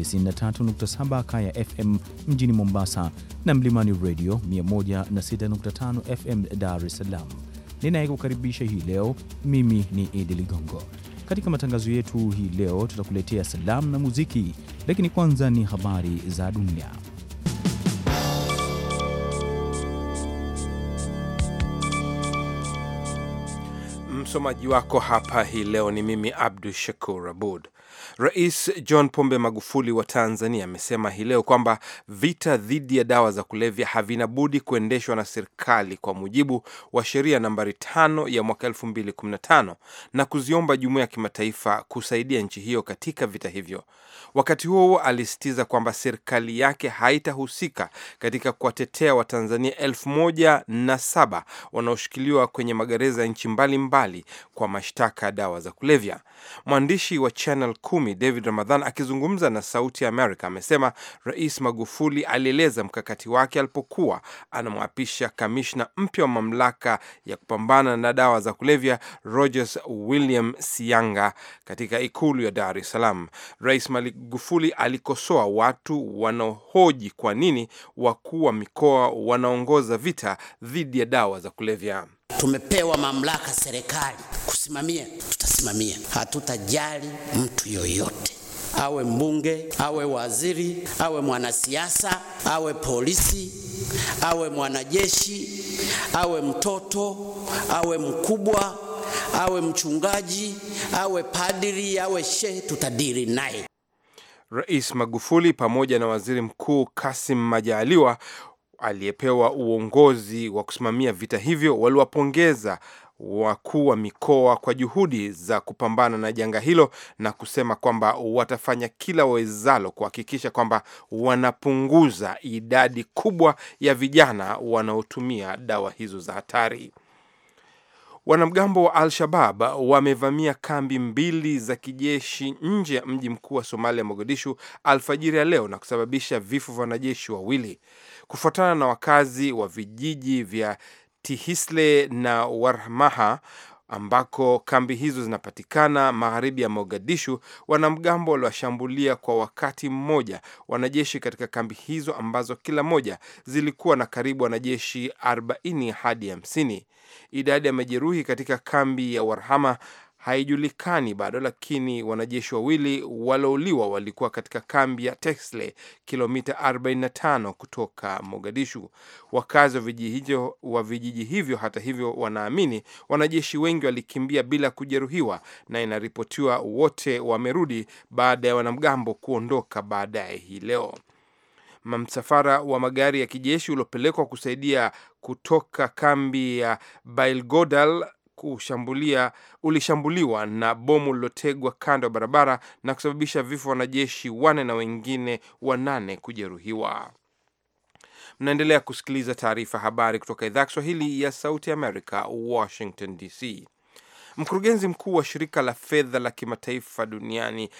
93.7 Kaya FM mjini Mombasa na Mlimani Radio 106.5 FM Dar es Salaam. Ninayekukaribisha hii leo mimi ni Idi Ligongo. Katika matangazo yetu hii leo tutakuletea salamu na muziki, lakini kwanza ni habari za dunia. Msomaji wako hapa hii leo ni mimi Abdu Shakur Abud. Rais John Pombe Magufuli wa Tanzania amesema hii leo kwamba vita dhidi ya dawa za kulevya havina budi kuendeshwa na serikali kwa mujibu wa sheria nambari tano ya mwaka kumi na kuziomba jumuiya ya kimataifa kusaidia nchi hiyo katika vita hivyo. Wakati huo huo, alisitiza kwamba serikali yake haitahusika katika kuwatetea Watanzania elfu moja na saba wanaoshikiliwa kwenye magereza ya nchi mbalimbali kwa mashtaka ya dawa za kulevya. Mwandishi wa Channel kumi, David Ramadhan akizungumza na Sauti ya Amerika amesema Rais Magufuli alieleza mkakati wake alipokuwa anamwapisha kamishna mpya wa mamlaka ya kupambana na dawa za kulevya Rogers William Sianga katika ikulu ya Dar es Salaam. Rais Magufuli alikosoa watu wanaohoji kwa nini wakuu wa mikoa wanaongoza vita dhidi ya dawa za kulevya. Tumepewa mamlaka serikali tutasimamia, tutasimamia, hatutajali mtu yoyote, awe mbunge, awe waziri, awe mwanasiasa, awe polisi, awe mwanajeshi, awe mtoto, awe mkubwa, awe mchungaji, awe padiri, awe shehe, tutadiri naye. Rais Magufuli pamoja na Waziri Mkuu Kassim Majaliwa aliyepewa uongozi wa kusimamia vita hivyo waliwapongeza wakuu wa mikoa kwa juhudi za kupambana na janga hilo na kusema kwamba watafanya kila wawezalo kuhakikisha kwamba wanapunguza idadi kubwa ya vijana wanaotumia dawa hizo za hatari. Wanamgambo wa Al-Shabab wamevamia kambi mbili za kijeshi nje ya mji mkuu wa Somalia, Mogadishu, alfajiri ya leo na kusababisha vifo vya wanajeshi wawili, kufuatana na wakazi wa vijiji vya Tihisle na Warmaha ambako kambi hizo zinapatikana magharibi ya Mogadishu. Wanamgambo waliwashambulia kwa wakati mmoja wanajeshi katika kambi hizo ambazo kila moja zilikuwa na karibu wanajeshi 40 hadi 50. Idadi ya majeruhi katika kambi ya Warhama haijulikani bado, lakini wanajeshi wawili walouliwa walikuwa katika kambi ya Texle, kilomita 45 kutoka Mogadishu. Wakazi wa vijiji hivyo, hata hivyo, wanaamini wanajeshi wengi walikimbia bila kujeruhiwa, na inaripotiwa wote wamerudi baada ya wanamgambo kuondoka baadaye hii leo. Msafara wa magari ya kijeshi uliopelekwa kusaidia kutoka kambi ya Bailgodal kushambulia ulishambuliwa na bomu lilotegwa kando ya barabara na kusababisha vifo wanajeshi wane na wengine wanane kujeruhiwa. Mnaendelea kusikiliza taarifa habari kutoka idhaa ya Kiswahili ya Sauti Amerika, Washington DC. Mkurugenzi mkuu wa shirika la fedha la kimataifa duniani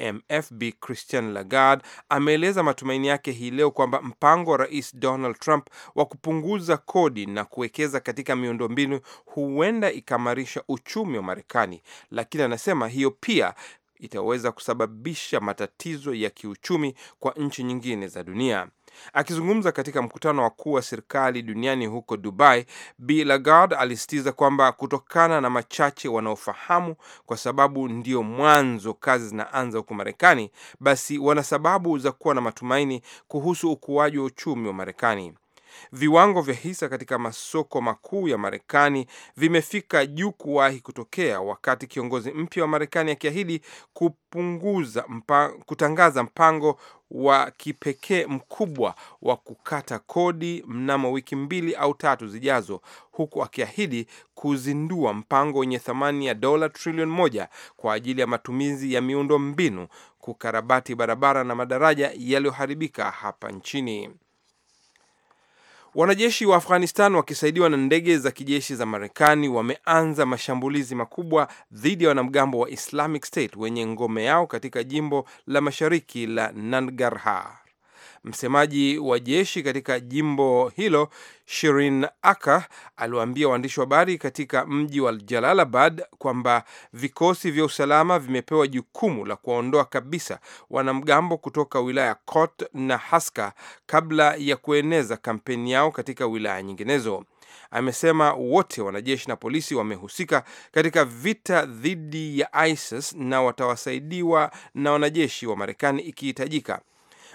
IMF Bi Christian Lagarde ameeleza matumaini yake hii leo kwamba mpango wa Rais Donald Trump wa kupunguza kodi na kuwekeza katika miundombinu huenda ikaimarisha uchumi wa Marekani, lakini anasema hiyo pia itaweza kusababisha matatizo ya kiuchumi kwa nchi nyingine za dunia. Akizungumza katika mkutano wa kuu wa serikali duniani huko Dubai, Bi Lagarde alisitiza kwamba kutokana na machache wanaofahamu, kwa sababu ndio mwanzo kazi zinaanza huko Marekani, basi wana sababu za kuwa na matumaini kuhusu ukuaji wa uchumi wa Marekani. Viwango vya hisa katika masoko makuu ya Marekani vimefika juu kuwahi kutokea, wakati kiongozi mpya wa Marekani akiahidi kupunguza mpa, kutangaza mpango wa kipekee mkubwa wa kukata kodi mnamo wiki mbili au tatu zijazo, huku akiahidi kuzindua mpango wenye thamani ya dola trilioni moja kwa ajili ya matumizi ya miundo mbinu, kukarabati barabara na madaraja yaliyoharibika hapa nchini. Wanajeshi wa Afghanistan wakisaidiwa na ndege za kijeshi za Marekani wameanza mashambulizi makubwa dhidi ya wanamgambo wa Islamic State wenye ngome yao katika jimbo la mashariki la Nangarhar. Msemaji wa jeshi katika jimbo hilo Shirin Aka aliwaambia waandishi wa habari katika mji wa Jalalabad kwamba vikosi vya usalama vimepewa jukumu la kuwaondoa kabisa wanamgambo kutoka wilaya Kot na Haska kabla ya kueneza kampeni yao katika wilaya nyinginezo. Amesema wote wanajeshi na polisi wamehusika katika vita dhidi ya ISIS na watawasaidiwa na wanajeshi wa Marekani ikihitajika.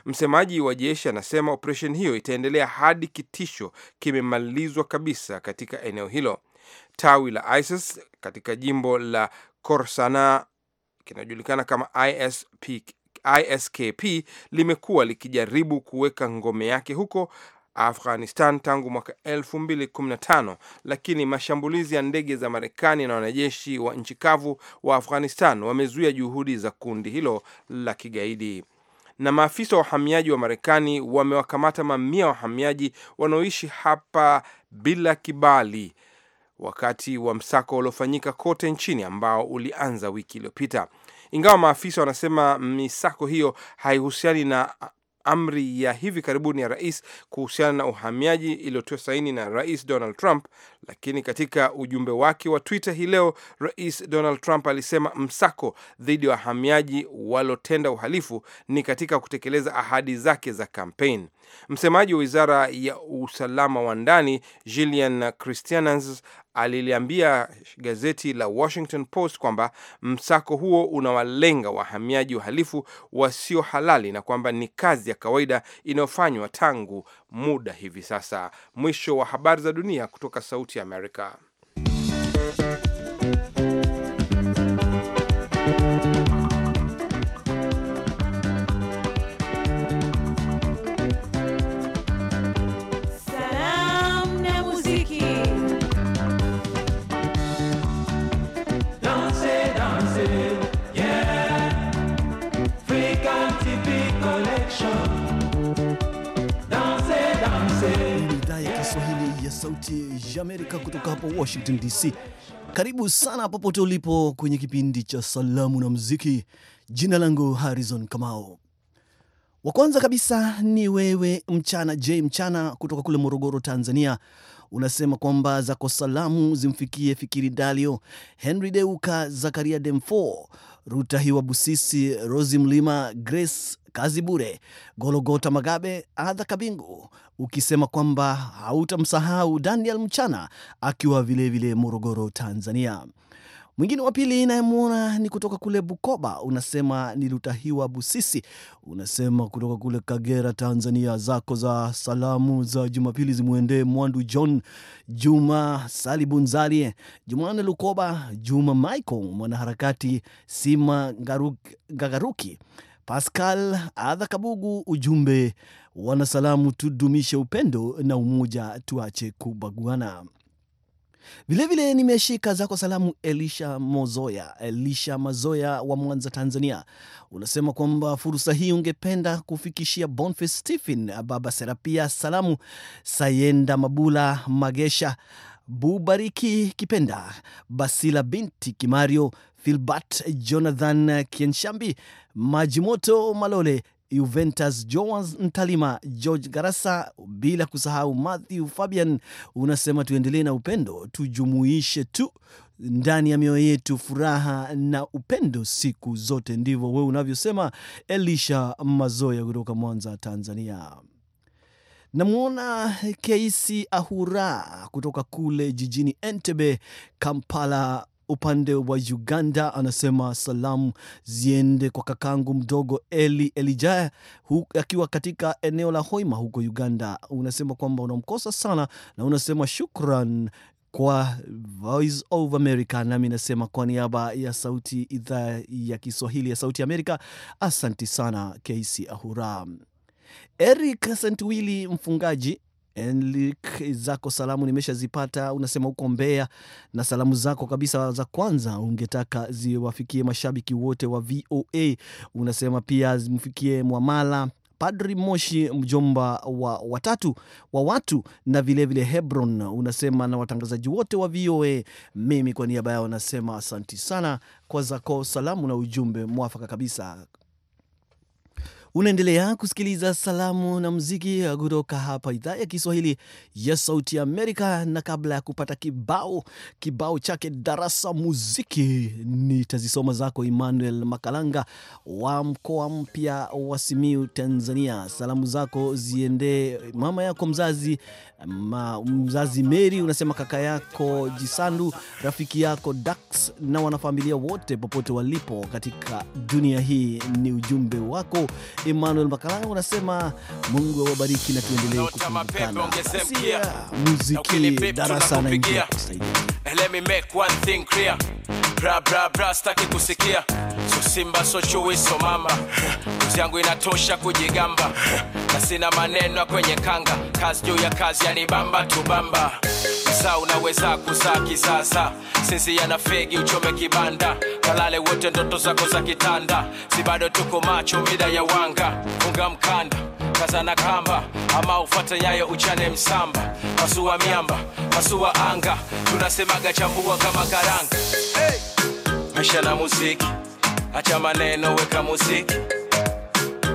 Msemaji wa jeshi anasema operesheni hiyo itaendelea hadi kitisho kimemalizwa kabisa katika eneo hilo. Tawi la ISIS katika jimbo la Korsana kinajulikana kama ISP, ISKP limekuwa likijaribu kuweka ngome yake huko Afghanistan tangu mwaka 2015 lakini mashambulizi ya ndege za Marekani na wanajeshi wa nchi kavu wa Afghanistan wamezuia juhudi za kundi hilo la kigaidi na maafisa wa wahamiaji wa Marekani wamewakamata mamia wahamiaji wanaoishi hapa bila kibali wakati wa msako uliofanyika kote nchini ambao ulianza wiki iliyopita. Ingawa maafisa wanasema misako hiyo haihusiani na amri ya hivi karibuni ya rais kuhusiana na uhamiaji iliyotiwa saini na Rais Donald Trump, lakini katika ujumbe wake wa Twitter hii leo, Rais Donald Trump alisema msako dhidi ya wahamiaji walotenda uhalifu ni katika kutekeleza ahadi zake za kampeni. Msemaji wa Wizara ya Usalama wa Ndani Gillian Christiansen aliliambia gazeti la Washington Post kwamba msako huo unawalenga wahamiaji wahalifu wasio halali na kwamba ni kazi ya kawaida inayofanywa tangu muda hivi sasa. Mwisho wa habari za dunia kutoka Sauti ya Amerika. Sauti ya Amerika kutoka hapa Washington DC. Karibu sana popote ulipo kwenye kipindi cha Salamu na Muziki. Jina langu Harrison Kamao. Wa kwanza kabisa ni wewe Mchana J Mchana kutoka kule Morogoro, Tanzania. Unasema kwamba zako salamu zimfikie Fikiri Dalio, Henry Deuka, Zakaria Demfo, Ruta Hiwa Busisi, Rosi Mlima, Grace kazi bure. Gologota Magabe adha kabingu, ukisema kwamba hautamsahau Daniel Mchana akiwa vilevile vile Morogoro, Tanzania. Mwingine wa pili inayemwona ni kutoka kule Bukoba, unasema ni Lutahiwa Busisi, unasema kutoka kule Kagera, Tanzania. Zako za salamu za Jumapili zimwendee Mwandu John Juma, Salibunzali Jumane Lukoba, Juma Michael mwanaharakati, Sima ngagaruki Pascal Adha Kabugu, ujumbe wanasalamu, tudumishe upendo na umoja, tuache kubaguana. Vilevile nimeshika zako salamu Elisha Mozoya, Elisha Mazoya wa Mwanza, Tanzania. Unasema kwamba fursa hii ungependa kufikishia Boniface Stephen, Baba Serapia, salamu Sayenda Mabula, Magesha Bubariki Kipenda, Basila binti Kimario, Philbert Jonathan Kienshambi, Majimoto Malole, Juventus Joas Ntalima, George Garasa, bila kusahau Matthew Fabian. Unasema tuendelee na upendo, tujumuishe tu ndani ya mioyo yetu furaha na upendo siku zote. Ndivyo wewe unavyosema, Elisha Mazoya kutoka Mwanza, Tanzania. Namwona Keisi Ahura kutoka kule jijini Entebbe, Kampala, upande wa Uganda, anasema salamu ziende kwa kakangu mdogo Eli Elijaya akiwa katika eneo la Hoima huko Uganda. Unasema kwamba unamkosa sana na unasema shukran kwa Voice of America. Nami nasema kwa niaba ya sauti idhaa ya Kiswahili ya Sauti Amerika, asanti sana KC Ahura. Eric Sentwili mfungaji Enlik zako salamu nimeshazipata, unasema uko Mbeya na salamu zako kabisa za kwanza ungetaka ziwafikie mashabiki wote wa VOA. Unasema pia zimfikie Mwamala Padri Moshi, mjomba wa watatu wa watu na vilevile vile Hebron, unasema na watangazaji wote wa VOA. Mimi kwa niaba yao nasema asanti sana kwa zako salamu na ujumbe mwafaka kabisa. Unaendelea kusikiliza salamu na muziki kutoka hapa idhaa ya Kiswahili ya Sauti ya Amerika, na kabla ya kupata kibao kibao chake darasa muziki, nitazisoma zako Emmanuel Makalanga wa mkoa mpya wa Simiu, Tanzania. Salamu zako ziendee mama yako mzazi ma, mzazi Meri, unasema kaka yako Jisandu, rafiki yako Dax na wanafamilia wote popote walipo katika dunia hii. Ni ujumbe wako Emmanuel Makalanga unasema Mungu awabariki na tuendelee kukumbukana. Sia muziki darasa na ingia Let me make one thing clear. Bra bra bra staki kusikia. So simba so chui so mama. Kazi yangu inatosha kujigamba. Na sina maneno kwenye kanga. Kazi juu ya kazi yani bamba yanibamba tubamba sasa unaweza kusaki sasa sisi yana fegi uchome kibanda kalale wote ndoto zako za kitanda si bado tuko macho mida ya wanga funga mkanda kazana kamba ama ufate nyayo uchane msamba pasua miamba pasua anga tunasemaga chambua kama karanga hey! na muziki acha maneno weka muziki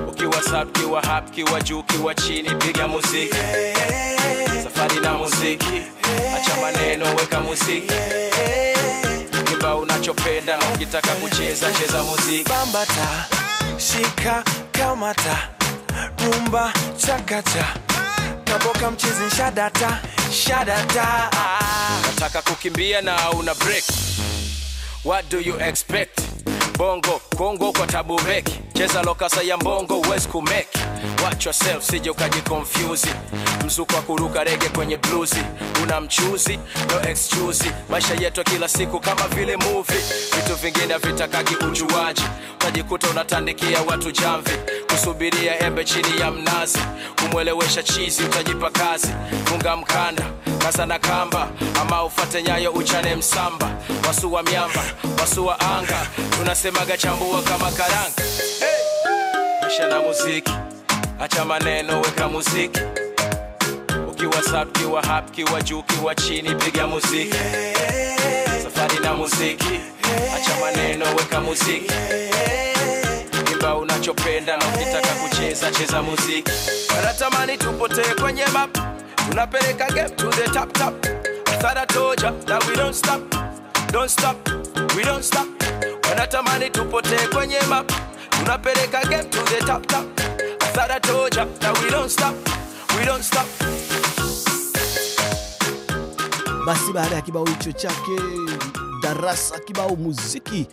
ukiwa sap kiwa hap kiwa juu kiwa chini piga muziki hey, hey, hey hatari na muziki acha maneno weka muziki kiba unachopenda ukitaka kucheza cheza muziki bambata shika kamata rumba chakacha kaboka mchizi shadata shadata nataka kukimbia na una break what do you expect bongo kongo kwa tabubeki cheza lokasa ya mbongo uwezi kumeki watch yourself sije ukajikonfyuzi mzuko wa kuruka rege kwenye bluzi una mchuzi no excuse maisha yetu kila siku kama vile muvi vitu vingine vitakaki ujuaji utajikuta unatandikia watu jamvi kusubiria embe chini ya mnazi, kumwelewesha chizi, utajipa kazi. Funga mkanda, kasa na kamba, ama ufate nyayo, uchane msamba. wasuwa miamba, wasuwa anga, tunasemaga chambua kama karanga. Hey! Isha na muziki, acha maneno, weka muziki ukiwa sub kiwa hap kiwa juu kiwa chini piga muziki safari na muziki acha maneno weka muziki imba unachopenda na ukitaka kucheza cheza muziki anatamani tupotee kwenye map tunapeleka game to the top top thara toja that we don't stop don't stop we don't stop wanatamani tupotee kwenye map tunapeleka game to the top top thara toja that we don't stop we don't stop basi baada ya kibao hicho chake darasa kibao muziki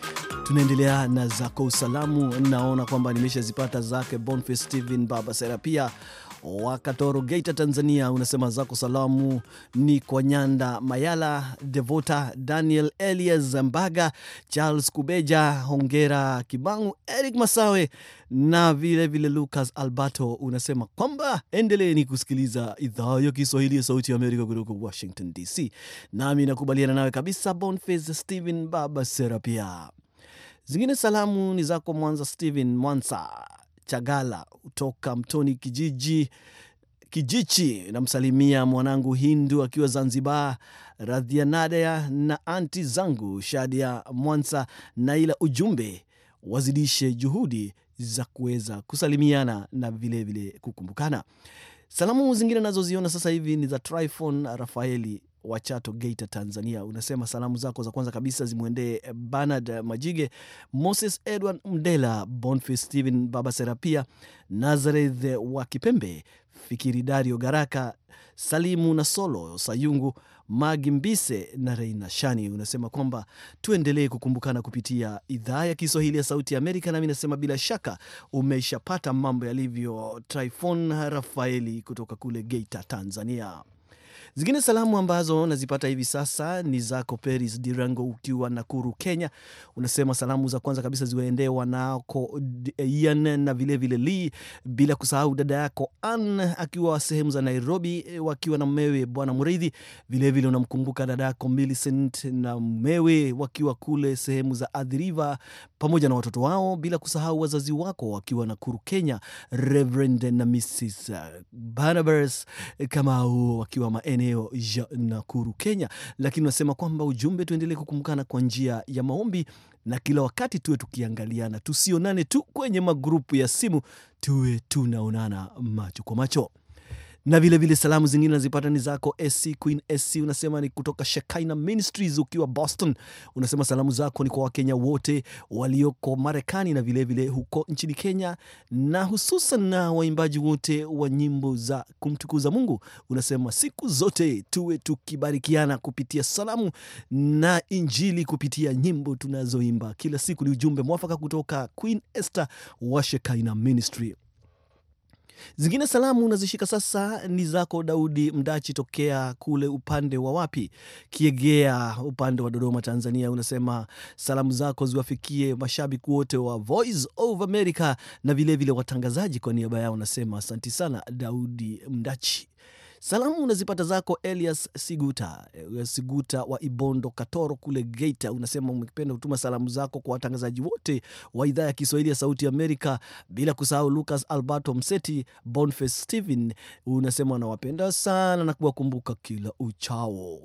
Tunaendelea na zako usalamu. Naona kwamba nimeshazipata zake Boniface Steven Baba Serapia Wakatoro, Geita, Tanzania. Unasema zako salamu ni kwa Nyanda Mayala, Devota Daniel, Elias Mbaga, Charles Kubeja, Hongera Kibangu, Eric Masawe na vilevile vile Lucas Alberto. Unasema kwamba endeleeni kusikiliza idhaa ya Kiswahili ya Sauti ya Amerika kutoka Washington DC. Nami nakubaliana nawe kabisa, Boniface Steven Baba Serapia. Zingine salamu ni zako Mwanza Steven Mwansa Chagala kutoka Mtoni kijiji Kijichi. Namsalimia mwanangu Hindu akiwa Zanzibar, Radhianadea na anti zangu Shadia Mwansa na ila ujumbe wazidishe juhudi za kuweza kusalimiana na vilevile kukumbukana. Salamu zingine nazoziona sasa hivi ni za Tryphon Rafaeli wa Chato, Geita, Tanzania. Unasema salamu zako za kwanza kabisa zimwendee eh, Bernard Majige, Moses Edward Mdela, Bonfis Stephen, Baba Serapia, Nazareth wa Kipembe, Fikiri Dario Garaka, Salimu na Solo Sayungu, Magi Mbise na Reina Shani. Unasema kwamba tuendelee kukumbukana kupitia idhaa ya Kiswahili ya Sauti ya Amerika, nami nasema bila shaka umeshapata mambo yalivyo. Tryfon Rafaeli kutoka kule Geita, Tanzania. Zingine salamu ambazo nazipata hivi sasa ni zako Peris Dirango ukiwa Nakuru, Kenya. Unasema salamu za kwanza kabisa ziwaendee wanako eh, Ian na vilevile Li, bila kusahau dada yako Ann akiwa sehemu za Nairobi eh, wakiwa na mmewe Bwana Mridhi. Vilevile unamkumbuka dada yako Millicent na mmewe wakiwa kule sehemu za Adhiriva pamoja na watoto wao, bila kusahau wazazi wako wakiwa Nakuru, Kenya, Reverend na Mrs eh, Barnabas Kamau wakiwa maeneo maeneo ya Nakuru, Kenya, lakini unasema kwamba ujumbe, tuendelee kukumbukana kwa njia ya maombi na kila wakati tuwe tukiangaliana, tusionane tu kwenye magrupu ya simu, tuwe tunaonana macho kwa macho na vilevile vile salamu zingine nazipata ni zako SC Queen SC, unasema ni kutoka Shekaina Ministries ukiwa Boston. Unasema salamu zako ni kwa Wakenya wote walioko Marekani na vilevile vile huko nchini Kenya, na hususan na waimbaji wote wa nyimbo za kumtukuza Mungu. Unasema siku zote tuwe tukibarikiana kupitia salamu na Injili kupitia nyimbo tunazoimba kila siku. Ni ujumbe mwafaka kutoka Queen Esther wa Shekaina Ministry. Zingine salamu nazishika sasa ni zako Daudi Mdachi tokea kule upande wa wapi, Kiegea, upande wa Dodoma, Tanzania. Unasema salamu zako ziwafikie mashabiki wote wa Voice of America na vilevile vile watangazaji. Kwa niaba yao unasema asanti sana Daudi Mdachi. Salamu unazipata zako Elias Siguta, Elias Siguta wa Ibondo Katoro kule Geita. Unasema umependa kutuma salamu zako kwa watangazaji wote wa idhaa ya Kiswahili ya Sauti Amerika, bila kusahau Lucas Alberto Mseti, Boniface Steven. Unasema anawapenda sana na kuwakumbuka kila uchao.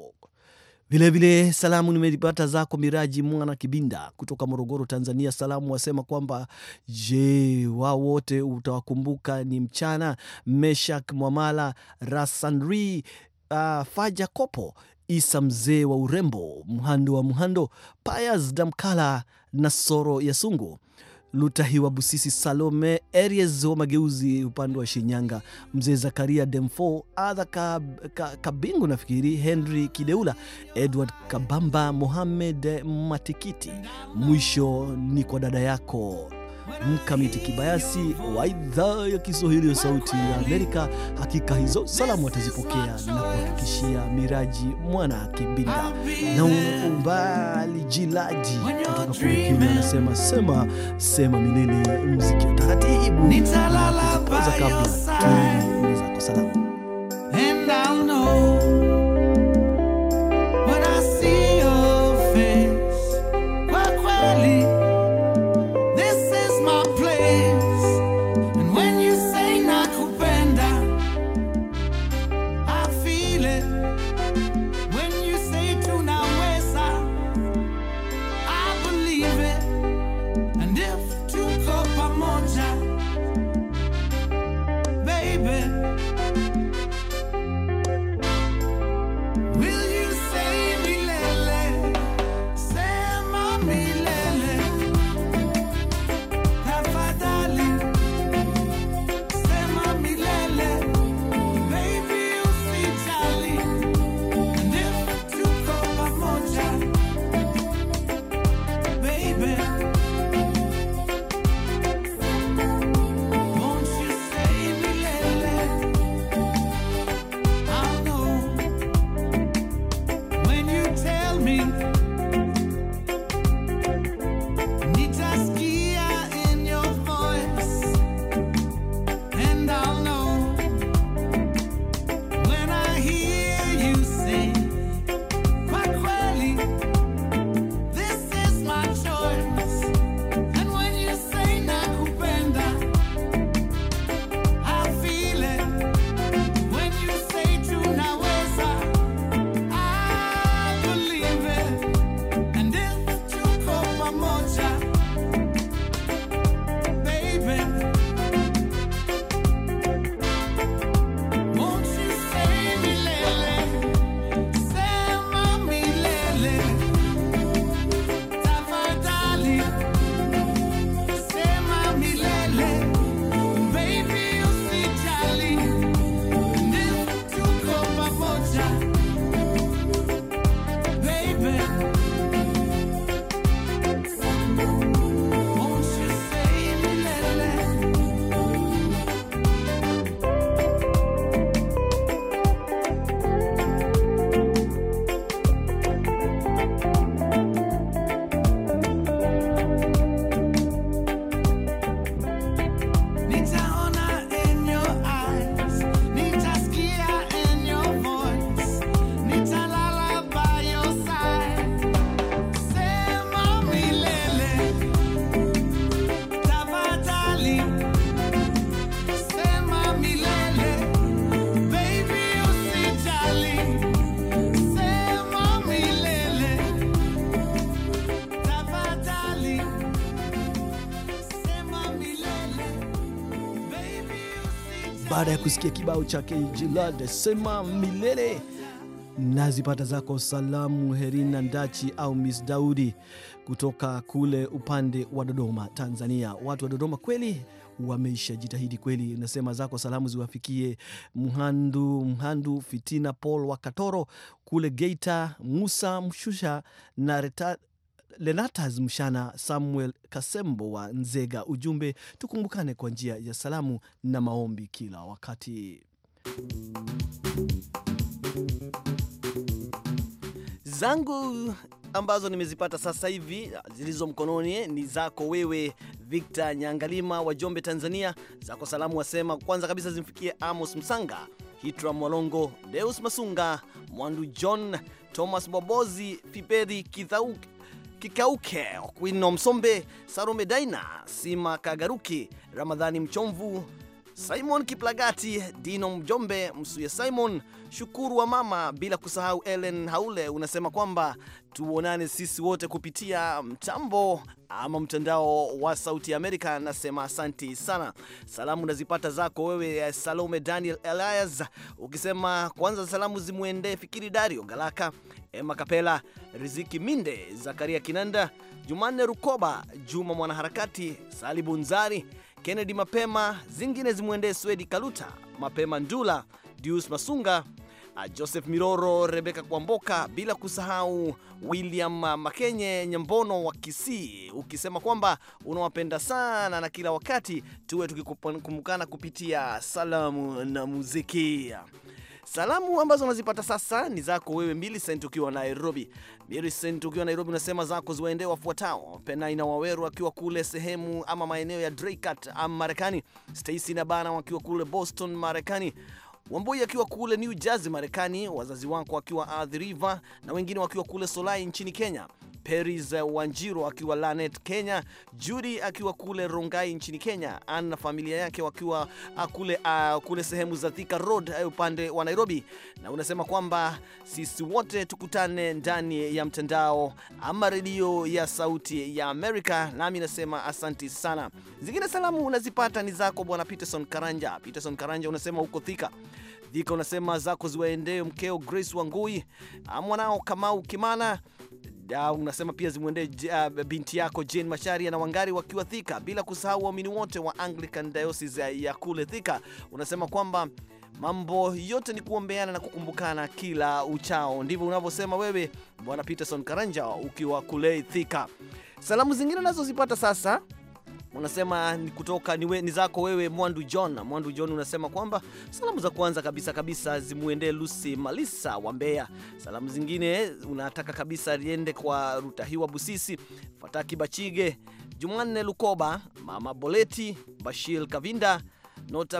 Vilevile salamu nimezipata zako Miraji Mwana Kibinda kutoka Morogoro, Tanzania. Salamu wasema kwamba je, wao wote utawakumbuka ni mchana Meshak Mwamala, Rasandri uh, Faja Kopo, Isa mzee wa urembo, Mhando wa Mhando, Payas Damkala na Soro ya Sungu. Lutahiwa Busisi, Salome Aries wa Mageuzi upande wa Shinyanga, Mzee Zakaria Demfo, Adha Kabingu, ka, nafikiri Henry Kideula, Edward Kabamba, Mohamed Matikiti. Mwisho ni kwa dada yako Mkamiti Kibayasi wa idhaa ya Kiswahili ya Sauti ya Amerika. Hakika hizo salamu atazipokea na kuhakikishia Miraji Mwana Kibinda na umbali Jilaji kutoka kule anasema sema sema milele, mziki wa taratibu kabla tuza kwa salamu And kusikia kibao cha KG Lad sema milele nazipata zako salamu Herina Ndachi au Miss Daudi kutoka kule upande wa Dodoma, Tanzania. Watu wa Dodoma kweli wameisha jitahidi kweli. Nasema zako salamu ziwafikie Mhandu Mhandu Fitina Paul wa Katoro kule Geita, Musa Mshusha na Lenatas Mshana, Samuel Kasembo wa Nzega. Ujumbe, tukumbukane kwa njia ya salamu na maombi kila wakati. zangu ambazo nimezipata sasa hivi zilizo mkononi ni zako wewe Victor Nyangalima wa Jombe, Tanzania. Zako salamu wasema kwanza kabisa zimfikie Amos Msanga, Hitra Mwalongo, Deus Masunga, Mwandu John, Thomas Bobozi, Fiperi Kithauki Kikauke, Okwino Msombe, Sarume Daina, Sima Kagaruki, Ramadhani Mchomvu, Simon Kiplagati, Dino Mjombe, Msuya Simon, Shukuru wa mama, bila kusahau Ellen Haule, unasema kwamba tuonane sisi wote kupitia mtambo ama mtandao wa Sauti ya Amerika. Nasema asanti sana. Salamu nazipata zako wewe Salome Daniel Elias, ukisema kwanza salamu zimwendee Fikiri Dario Galaka, Emma Kapela, Riziki Minde, Zakaria Kinanda, Jumanne Rukoba, Juma Mwanaharakati, salibu nzari Kennedy Mapema, zingine zimwendee Swedi Kaluta, Mapema Ndula, Dius Masunga, Joseph Miroro, Rebeka Kwamboka, bila kusahau William Makenye Nyambono wa Kisii, ukisema kwamba unawapenda sana na kila wakati tuwe tukikumbukana kupitia salamu na muziki. Salamu ambazo unazipata sasa ni zako wewe Millicent ukiwa Nairobi. Millicent ukiwa Nairobi unasema zako ziwaendee wafuatao: ina Waweru akiwa kule sehemu ama maeneo ya Draycott ama Marekani, Stacy na Bana wakiwa kule Boston Marekani, Wamboi akiwa kule New Jersey Marekani, wazazi wako wakiwa Athi River na wengine wakiwa kule Solai nchini Kenya, Peris wanjiro akiwa Lanet, Kenya, Judy akiwa kule Rongai nchini Kenya, Ann na familia yake wakiwa ah, kule, uh, kule sehemu za Thika Road eh, upande wa Nairobi, na unasema kwamba sisi wote tukutane ndani ya mtandao ama redio ya Sauti ya Amerika. Nami nasema asanti sana. Zingine salamu unazipata ni zako Bwana Peterson Karanja. Peterson Karanja unasema huko Thika Vika unasema zako ziwaendee mkeo Grace Wangui, mwanao Kamau Kimana. Da, unasema pia zimwendee uh, binti yako Jane Macharia na Wangari wakiwa Thika, bila kusahau waumini wote wa Anglican Diocese ya kule Thika. Unasema kwamba mambo yote ni kuombeana na kukumbukana kila uchao. Ndivyo unavyosema wewe Bwana Peterson Karanja ukiwa kule Thika. Salamu zingine nazozipata sasa unasema ni kutoka ni, we, ni zako wewe Mwandu John. Mwandu John unasema kwamba salamu za kwanza kabisa kabisa zimuendee Lucy Malisa wa Mbeya. Salamu zingine unataka kabisa liende kwa Rutahiwa Busisi, Fataki Bachige, Jumanne Lukoba, Mama Boleti, Bashir Kavinda,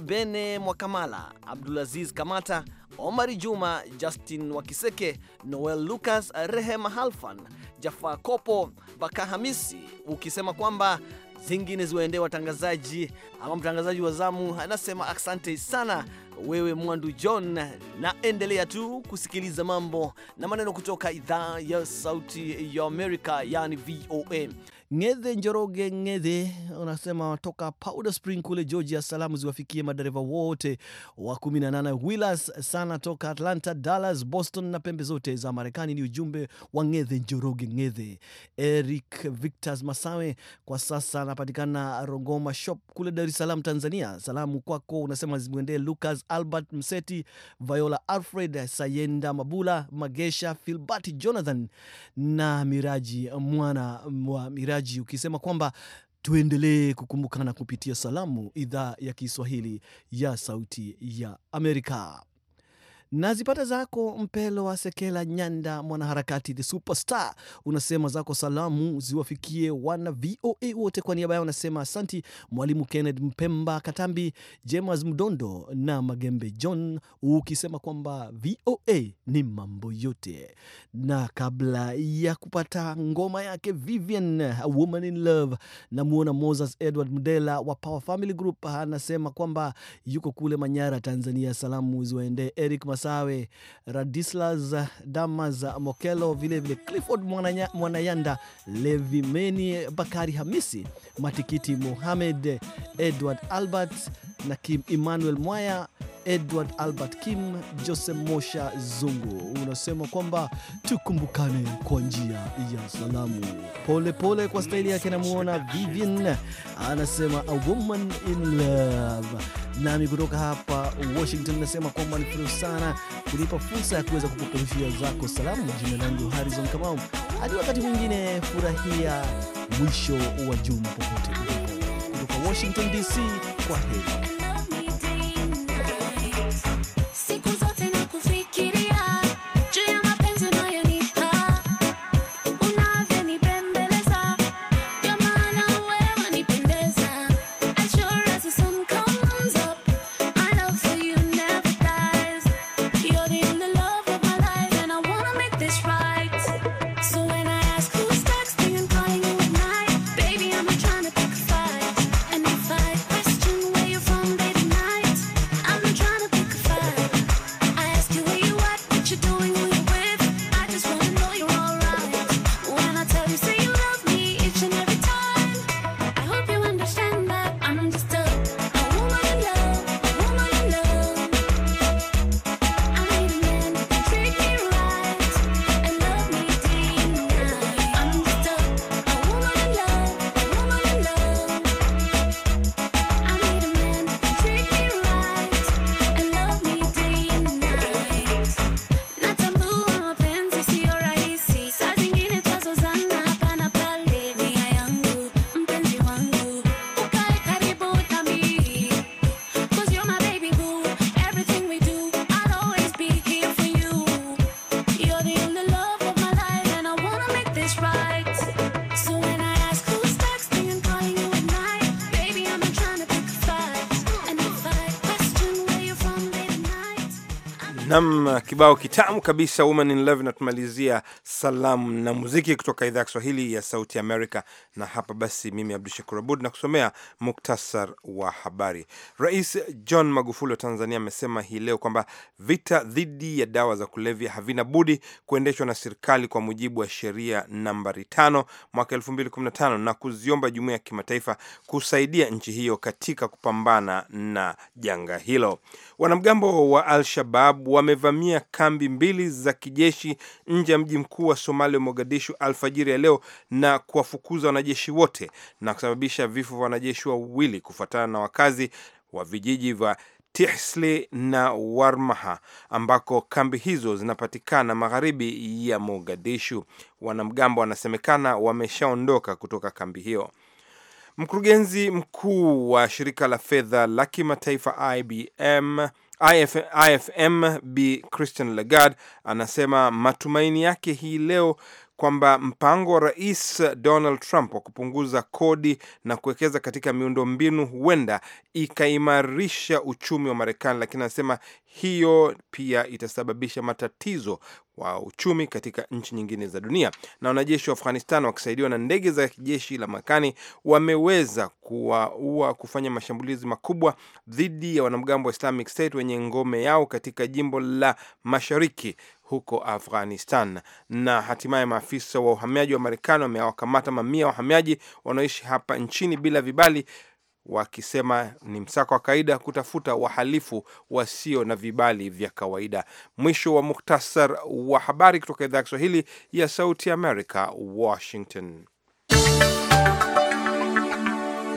Bene Mwakamala, Abdulaziz Kamata, Omari Juma, Justin Wakiseke, Noel Lucas, Rehema Halfan, Jafar Kopo, bakahamisi ukisema kwamba zingine ziwaendee watangazaji ama mtangazaji wa zamu anasema asante sana wewe Mwandu John, na endelea tu kusikiliza mambo na maneno kutoka idhaa ya Sauti ya Amerika, yani VOA. Ng'ethe Njoroge Ng'ethe unasema toka Powder Spring kule Georgia. Salamu ziwafikie madereva wote wa 18 Willas sana toka Atlanta, Dallas, Boston na pembe zote za Marekani. Ni ujumbe wa Ng'ethe Njoroge Ng'ethe. Eric Victor Masawe kwa sasa anapatikana Rogoma Shop kule Dar es Salaam, Tanzania. Salamu kwako unasema zimwendee Lucas Albert Mseti, Viola Alfred Sayenda, Mabula Magesha, Filbert Jonathan na Miraji mwana wa Miraji msikilizaji ukisema kwamba tuendelee kukumbukana kupitia salamu idhaa ya Kiswahili ya Sauti ya Amerika na zipata zako Mpelo wa Sekela Nyanda, mwanaharakati the superstar, unasema zako salamu ziwafikie wana VOA wote. Kwa niaba yao unasema asanti Mwalimu Kenneth Mpemba Katambi, James Mdondo na Magembe John, ukisema kwamba VOA ni mambo yote. Na kabla ya kupata ngoma yake Vivian, A Woman in Love, namuona Moses Edward Mdela wa Power Family Group anasema kwamba yuko kule Manyara, Tanzania. Salamu ziwaendee Eric Mas Masawe, Radislas Damas Mokelo, vilevile Clifford Mwananya, Mwanayanda, Levimeni Bakari Hamisi, Matikiti Mohamed, Edward Albert na Kim Emmanuel Mwaya Edward Albert Kim, Jose Mosha Zungu, unasema kwamba tukumbukane kwa njia ya salamu. Pole pole kwa staili yake, namuona Vivian anasema a woman in love. Nami kutoka hapa Washington nasema kwamba nikushukuru sana kunipa fursa ya kuweza kukuperushia zako salamu. Jina langu Harrison Kamau, hadi wakati mwingine, furahia mwisho wa juma popote kutoka Washington DC. Kwa heri. Nam kibao kitamu kabisa Woman in Love Natumalizia salamu na muziki kutoka idhaa ya Kiswahili ya Sauti Amerika. Na hapa basi, mimi Abdu Shakur Abud na kusomea muktasar wa habari. Rais John Magufuli wa Tanzania amesema hii leo kwamba vita dhidi ya dawa za kulevya havina budi kuendeshwa na serikali kwa mujibu wa sheria nambari tano mwaka kumi na kuziomba jumuiya ya kimataifa kusaidia nchi hiyo katika kupambana na janga hilo. Wanamgambo wa Al Shabab wamevamia kambi mbili za kijeshi nje ya mji mkuu wa Somalia, Mogadishu, alfajiri ya leo na kuwafukuza wanajeshi wote na kusababisha vifo vya wanajeshi wawili kufuatana na wakazi wa vijiji vya Tihsli na Warmaha ambako kambi hizo zinapatikana magharibi ya Mogadishu. Wanamgambo wanasemekana wameshaondoka kutoka kambi hiyo. Mkurugenzi mkuu wa shirika la fedha la kimataifa IBM IFM B Christian Lagarde anasema matumaini yake hii leo kwamba mpango wa Rais Donald Trump wa kupunguza kodi na kuwekeza katika miundo mbinu huenda ikaimarisha uchumi wa Marekani, lakini anasema hiyo pia itasababisha matatizo wa uchumi katika nchi nyingine za dunia. Na wanajeshi wa Afghanistan wakisaidiwa na ndege za kijeshi la Marekani wameweza kuwaua, kufanya mashambulizi makubwa dhidi ya wanamgambo wa Islamic State wenye ngome yao katika jimbo la Mashariki huko Afghanistan. Na hatimaye maafisa wa uhamiaji wa Marekani wamewakamata mamia wahamiaji wanaoishi hapa nchini bila vibali, wakisema ni msako wa kawaida kutafuta wahalifu wasio na vibali vya kawaida. Mwisho wa muktasar wa habari kutoka idhaa ya Kiswahili ya Sauti america Amerika, Washington.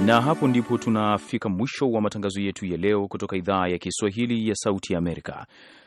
Na hapo ndipo tunafika mwisho wa matangazo yetu ya leo kutoka idhaa ya Kiswahili ya Sauti Amerika.